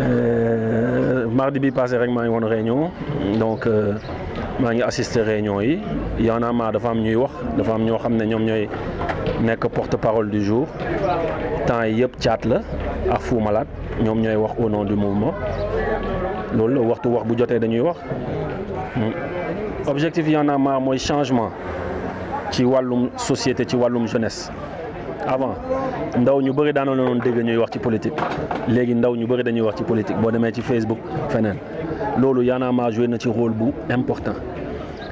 Euh, mardi bi passé rek maa ngi woon réunion donc euh, maa ngi assister réunion yi Y en a marre dafa am ñuy wax dafa am ñoo xam ne ñoom ñooy nekk porte-parole du jour temps yi yëpp caat la a Fou Malade ñoom ñooy wax au nom du mouvement loolu waxtu wax bu jotee dañuy wax hmm. objectif Y en a marre mooy changement ci wàllum société ci wàllum jeunesse avant ndaw ñu bëri daanoo loon dégg ñuy wax ci politique léegi ndaw ñu bëri dañuy wax ci politique boo demee ci Facebook feneen loolu Y'en a na ci rôle bu important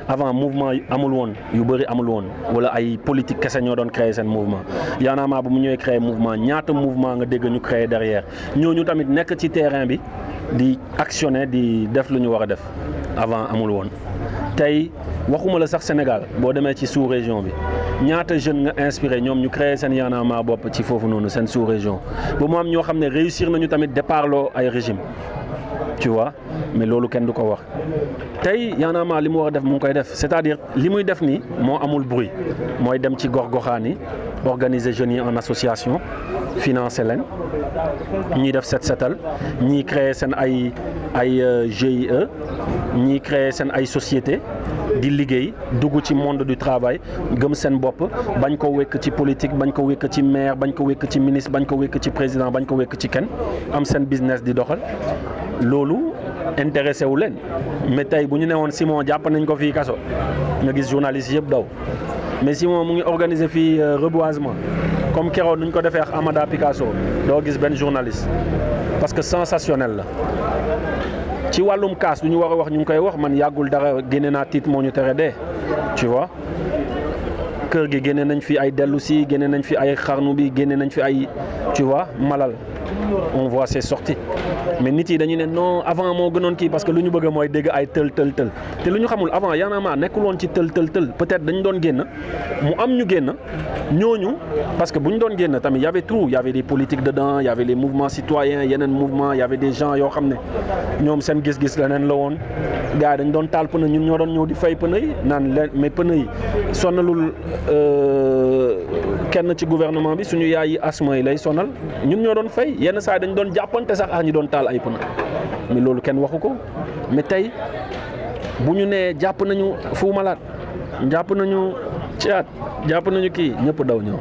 avant mouvement amul woon yu bëri amul woon wala ay politique kese ñoo doon créer seen mouvement Y'en a bu mu ñëwee créer mouvement ñaata mouvement nga dégg ñu créer derrière ñooñu tamit nekk ci terrain bi di actionner di def lu ñu war a def avant amul woon tey waxuma la sax Sénégal boo demee ci sous région bi ñaata jeune nga inspiré ñoom ñu créé seen Y'en a marre bopp ci foofu noonu seen sous région ba mu am ñoo xam ne réussir nañu tamit départloo ay régime tu mais loolu kenn du ko wax tey Y'en li mu wax def mu koy def c'est-à-dire li muy def ni moo amul bruit mooy dem ci gox-goxaan ni organiser jeunes yi en association financer leen ñuy def set setal ñiy créer seen ay ay euh, GIE ñiy créer seen ay société di liggéey dugg ci monde du travail gëm seen bopp bañ ko wekk ci politique bañ ko wékk ci maire bañ ko wékk ci ministre bañ ko wékk ci président bañ ko wékk ci kenn am seen business di doxal loolu intéressé wu leen mais tey bu ñu newoon Simon jàpp nañ ko fii kaso nga gis journaliste yëpp daw mais Simon mu ngi organiser fii euh, reboisement comme keroog nu ñu ko defee ak Amada Picasso doo gis benn journaliste parce que sensationnel la ci wàllum kaas lu ñu war a wax ñu ngi koy wax man yàggul dara génne naa tiit moo ñu tere de tu kër gi génne nañ fi ay dellu si génne nañ fi ay xarnu bi génne nañ fi ay tu malal on c'est sorti mais nit yi dañu ne non avant moo gënoon kii parce que lu ñu bëgg mooy dégg ay tël tël te lu ñu xamul avant Y'en a marre nekkul woon ci tël tël tël peut-être dañu doon génn mu am ñu génn ñooñu parce que bu ñu doon génn tamit y avait tout y politique des politiques dedans y avait les mouvements citoyens yeneen mouvement y avait des yoo xam ne ñoom seen gis-gis leneen la woon gars dañu doon taal pneu ñun ñoo doon ñëw di fay pneu yi naan leen mais pneu yi sonalul euh, kenn ci gouvernement bi suñu yaay yi asma yi lay sonal ñun ñoo doon fay yenn saa dañ doon jàppante sax ñu doon taal taal ay loolu kenn waxu ko mi tey bu ñu nee jàpp nañu Fou Malade jàpp nañu ci at jàpp nañu kii ñëpp daw ñëw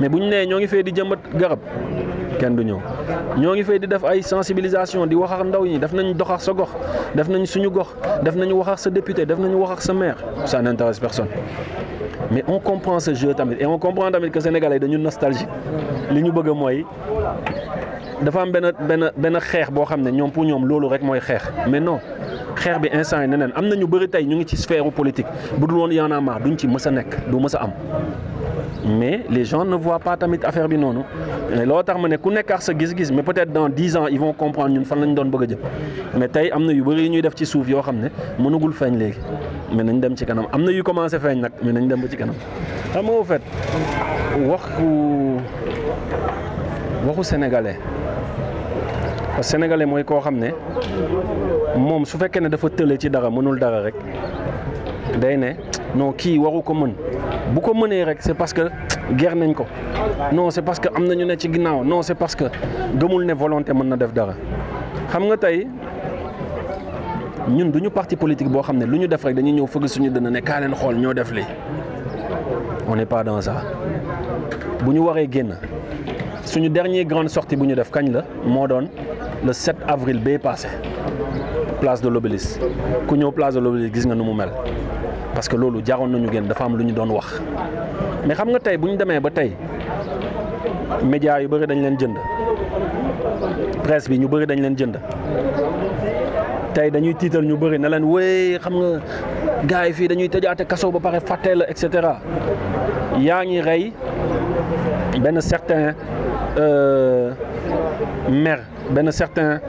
mais bu ñu nee ñoo ngi fee di jëmbat garab kenn du ñëw ñoo ngi fay di def ay sensibilisation di wax ndaw ñi def nañ dox sa gox def nañ suñu gox def nañu wax sa député def nañu wax ak sa maire ça n'intéresse personne mais on comprend ce jeu tamit et on comprend tamit que sénégalais dañu nostalgique li ñu bëgg mooy dafa am benn benn benn xeex boo xam ne ñoom pour ñoom loolu rek mooy xeex mais non xeex bi instant yi neneen am na ñu bëri tey ñu ngi ci sphère politique bu du woon Y en a marre duñ ci mës a nekk du mës a am. mais les gens ne voient pas tamit affaire bi noonu loo tax ma ne ku nekk ak sa gis-gis mais peut-être dans dix ans ils vont comprendre ñun fan lañ doon bëgg a jëm mais tey am na yu bëri ñuy def ci suuf yoo xam ne mënagul feeñ léegi. mais nañ dem ci kanam am na yu commencé feeñ nag mais nañ dem ba ci kanam xam nga au waxu waxu sénégalais parce mooy koo xam ne moom su fekkee ne dafa tële ci dara mënul dara rek day ne non kii waxu ko mën bu ko mënee rek c'est parce que geer nañ ko non c'est parce que am na ñu ne ci ginnaaw no c'est parce que gëmul ne volonté mën na def dara xam nga tey. ñun du ñu parti politique boo xam ne lu ñu def rek dañuy ñëw fëgg suñu dënn ne kaa leen xool ñoo def lii on n'est pas dans bu ñu waree génn suñu dernier grande sorti bu ñu def kañ la moo doon le 7 avril bee passé place de l'Obélisque ku ñëw place de l'Obélisque gis nga nu mu mel parce que loolu jaroon nañu génn dafa am lu ñu doon wax mais xam nga tey bu ñu demee ba tey médias yu bëri dañ leen jënd presse bi ñu bëri dañ leen jënd tey dañuy tiital ñu bëri ne leen wéy xam nga gars yi fii dañuy tëjaate kaso ba pare fàttee la et cetera yaa ngi rey benn certain euh, mer benn certain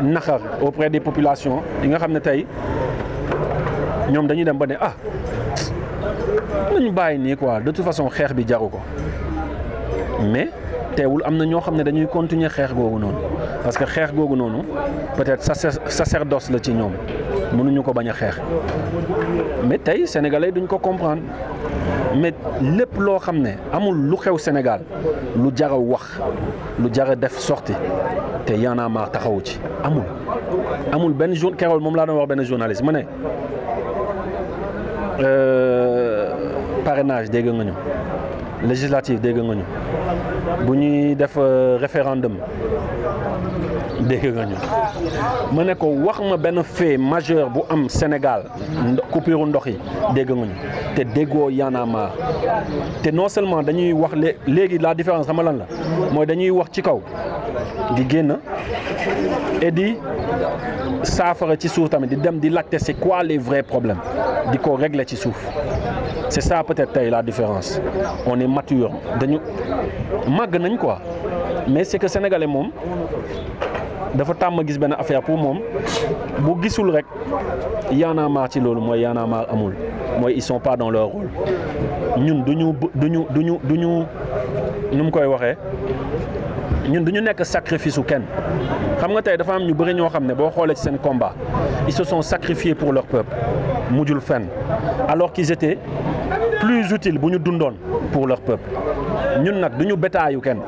naxar auprès des population yi nga xam ne tey ñoom dañuy dem ba ne ah nañu bàyyi nii quoi de toute façon xeex bi jaru ko mais. teewul am na ñoo xam ne dañuy continuer xeex googu noonu parce que xeex googu noonu peut-être sacerdoce la ci ñoom mënuñu ko bañ a xeex mais tey sénégalais duñ ko comprendre mais lépp loo xam ne amul lu xew Sénégal lu jar wax lu jar a def sorti te Y'en a marre taxawu ci amul amul benn jour keroog moom laa doon wax benn journaliste ma ne euh, parrainage dégg nga ñu législative dégg nga ñu bu ñuy def euh, référendum dégg nga ñu ma ne ko wax ma benn fait majeur bu am Sénégal coupure ndox yi dégg nga ñu te déggoo Y'en a te non seulement dañuy wax léegi la différence xam lan la mooy dañuy wax ci kaw di génn et di saafara ci suuf tamit di dem di laajte c'est quoi les vrais problèmes di ko régler ci suuf. c'est ça peut-être tey la différence on est mature dañu màgg nañ quoi mais c'est que sénégalais moom dafa tàmm gis benn affaire pour moom bu gisul rek Y'en a ci loolu mooy Y'en a marre amul mooy ils sont pas dans leur rôle ñun du ñu du ñu nu mu koy waxee ñun duñu nekk sacrifice u kenn xam nga tey dafa am ñu bëri ñoo xam ne boo xoolee ci seen combat ils se sont sacrifiés pour leur peuple mujjul fenn alors qu'ils étaient plus utile bu ñu dundoon pour leur peuple ñun nag du ñu bétaayu kenn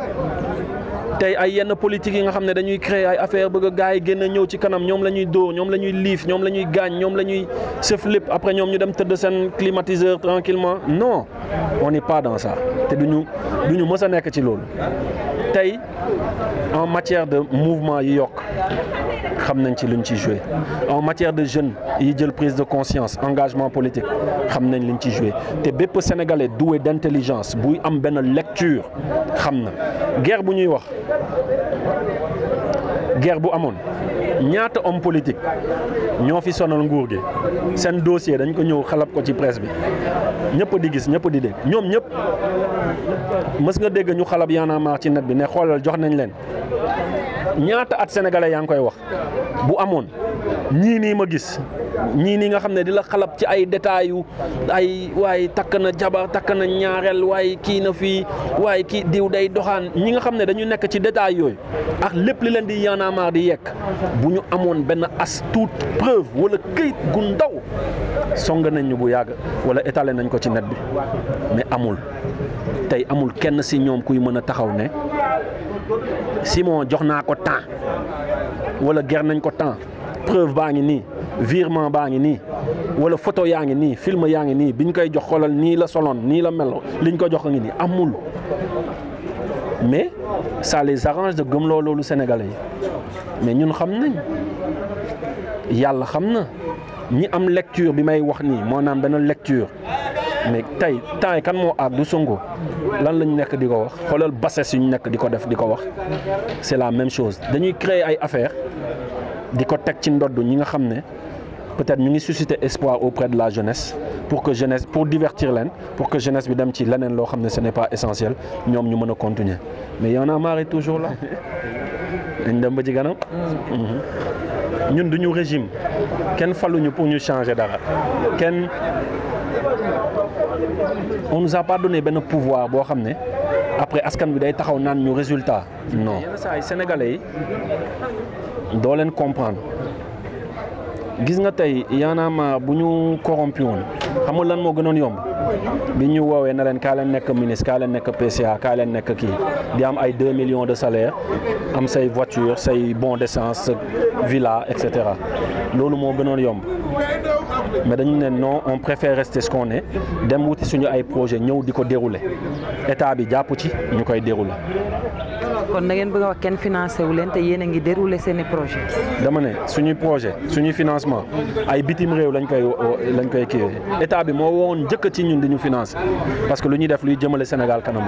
tey ay yenn politique yi nga xam ne dañuy créer ay affaire bëgg a gars yi génn ñëw ci kanam ñoom la ñuy dóor ñoom la ñuy liif ñoom la ñuy gaañ ñoom la ñuy sëf lépp après ñoom ñu dem tëdd seen climatiseur tranquillement non on n'est pas dans ça te duñu ñu mës a nekk ci loolu en matière de mouvement yi yokk xam nañ ci luñ ci joué en matière de jeunes yi jël prise de conscience engagement politique xam nañ liñ ci joué te bépp sénégalais doué d' buy am benn lecture xam na guerre bu ñuy wax guerre bu amoon ñaata om politique ñoo fi sonal nguur gi seen dossier dañ ko ñëw xalab ko ci presse bi ñëpp di gis ñëpp di dégg ñoom ñëpp mës nga dégg ñu xalab Y'en a marre ci net bi ne xoolal jox nañ leen ñaata at sénégalais yaa ngi koy wax bu amoon ñii nii ma gis ñii nii nga xam ne di la xalab ci ay détails yu ay waaye takk na jabar takk na ñaareel waaye kii na fii waaye kii diw day doxaan ñi nga xam ne dañu nekk ci détails yooyu ak lépp li leen di yaanaamaar di yekk bu ñu amoon benn as tuut preuve wala këyit gu ndaw song nañ bu yàgg wala étalé nañ ko ci net bi mais amul tey amul kenn si ñoom kuy mën a taxaw ne Simon jox naa ko temps wala ger nañ ko temps baa ngi nii virement baa ngi nii wala photo yaa ngi nii film yaa ngi nii bi ñu koy jox xoolal nii la soloon nii la melo ñu ko jox a ngi nii amul mais sa les arrange de gëmloo loolu Sénégalais yi mais ñun xam nañ yàlla xam na ñi am lecture bi may wax nii moo naan benn lecture mais tey temps yi kan moo aar du Sonko lan lañ nekk di ko wax xoolal bassesse yu ñu nekk di ko def di ko wax c'est la même chose dañuy créer ay affaires di ko teg ci ndodd ñi nga xam ne. peut-être ngi susciter espoir auprès de la jeunesse pour que jeunesse pour divertir leen pour que jeunesse bi dem ci leneen loo xam ne ce n'est pas essentiel ñoom ñu mën a continuer mais y en a marre toujours là dañ dem ba ci kanam mhm. ñun duñu régime kenn falu faluñu pour ñu changer dara kenn on nous a pas donné benn pouvoir boo xam ne après askan bi day taxaw naan ñu résultat non sénégalais yi dooleen leen comprendre gis nga tey yaanaama bu ñu corrompu woon xamul lan moo gënoon yomb bi ñuy woowee na leen kaa leen nekk ministre kaa leen nekk PCA kaa leen nekk kii di am ay deux millions de salaire am say voiture say bon d'essence villa et cetera loolu moo gënoon yomb mais dañu ne non on préfère rester ce dem wuti suñu ay projet ñëw di ko dérouler état bi jàpp ci ñu koy dérouler kon da ngeen bëgg a wax kenn financé wu leen yéen ngi déroulé seen projet dama ne projet suñuy financement ay bitim réew koy lañ koy kii état bi moo woon njëkk ci ñun di financé parce que lu ñuy def luy jëmale Sénégal kanam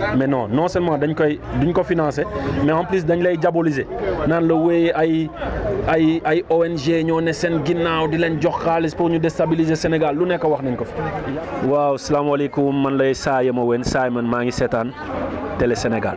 la mais non non seulement dañ koy duñ ko financé mais en plus dañ lay diaboliser naan la wéyee ay ay ay ONG ñoo ne seen ginnaaw di leen jox xaalis pour ñu déstabiliser Sénégal lu nekk wax nañ ko fa waaw salaamaaleykum man lay Saa Yama Wen Saa man maa ngi seetaan Télé Sénégal.